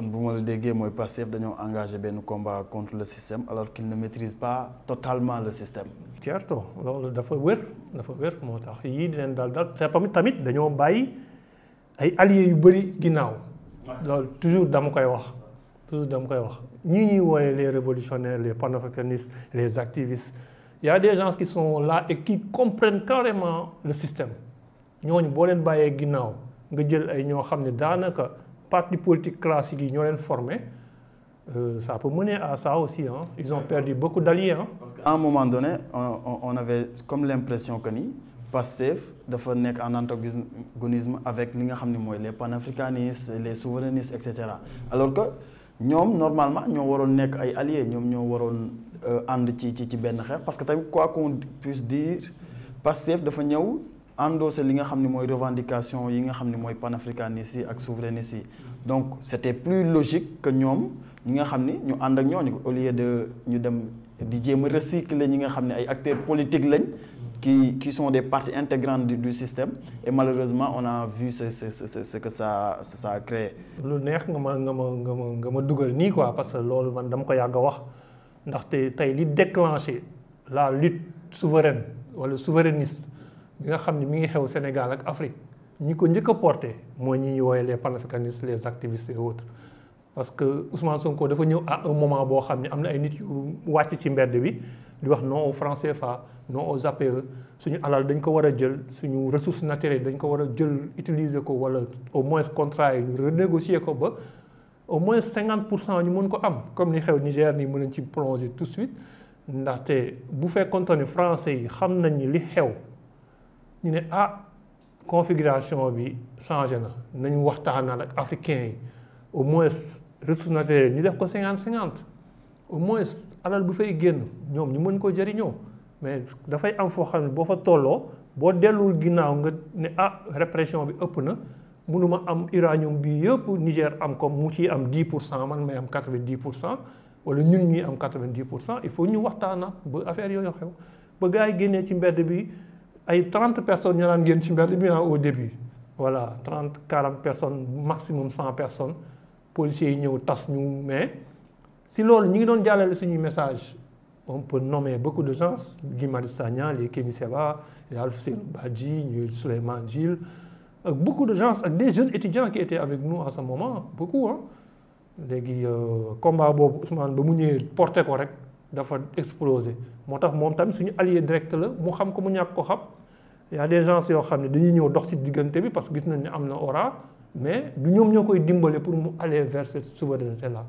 kon bu ma la déggee mooy Pastef dañoo engagé nos combat contre le système alors qu'ils ne maîtrisent pas totalement le système. certo loolu dafa wér dafa wér moo tax yii di leen daal ça permet tamit dañoo bàyyi ay alliés yu bëri ginnaaw. loolu toujours dama koy wax toujours dama koy wax ñii ñuy wooyee les révolutionnaires les panafricanistes les activistes il y a des gens qui sont là et qui comprennent carrément le système Ils ne leen pas ginnaaw nga jël ay ñoo xam le daanaka parti politique classique qui ont leen formé euh, ça peut mener à ça aussi hein. ils ont perdu beaucoup d'alliés hein. un moment donné on, avait comme l'impression que ni Pastef dafa fait un antagonisme avec les panafricanistes les souverainistes etc. alors que normalement nous waroon être ay alliés ils ñoo être euh, ànd ci ci ci parce que quoi qu'on puisse dire Pastef un antagonisme endossé li nga xam ne revendication yi nga xam ne souverainiste donc c'était plus logique que nous, nous nga xam ne ñu au lieu de ñu dem di recycler les nga ay acteurs politiques qui, qui sont des parties intégrantes du, système. Et malheureusement, on a vu ce, ce, ce, ce que ça, ça a créé. lu neex nga ma nga ma nga ma quoi parce que loolu man dama ko yàgg a wax ndaxte tey déclenché la lutte souveraine ou le souverainiste bi nga xam ne mi Sénégal ak Afrique ñi ko porté les panafricanistes les activistes et autres parce que Ousmane Sonko à un moment boo xam ay nit yu ci bi wax non au Français, non aux APE suñu alal dañ ko jël ressources naturelles dañ jël utiliser au moins contrat yi renégocier au moins 50% pour cent ñu ko am comme ni xew Niger tout de suite ndaxte bu fekkoonte français ni ñu ne ah configuration bi changé na nañu waxtaanal ak africain yi au moins ressources naturelles ñu def ko 50-50 au moins alal bu fay génn ñoom ñu mën ko jëriñoo mais dafay am foo xam ne boo fa tolloo boo delul ginnaaw nga ne ah répression bi ëpp na mënuma am uranium bi yëpp Niger am comme mu ciy am 10 pour cent man may am 90 pour cent wala ñun ñi am 90 pour cent il faut ñu waxtaanaat ba affaire yooyu xew ba gars yi génnee ci mbedd bi 30 personnes au début voilà 30 40 personnes maximum 100 personnes policiers mais si on a ngi message on peut nommer beaucoup de gens Guy marie les Kémi Seba les Badji beaucoup de gens des jeunes étudiants qui étaient avec nous à ce moment beaucoup les hein. léegi euh, combat Ousmane ba mu dafa exploser motax mom tam suñu allié direct la mu xam ko mu ñak ko xam y a des gens yo xamni dañuy ñëw dox ci digënté bi parce que gis nañ ne am aura mais du ñom ñokoy dimbalé pour mu aller vers cette souveraineté là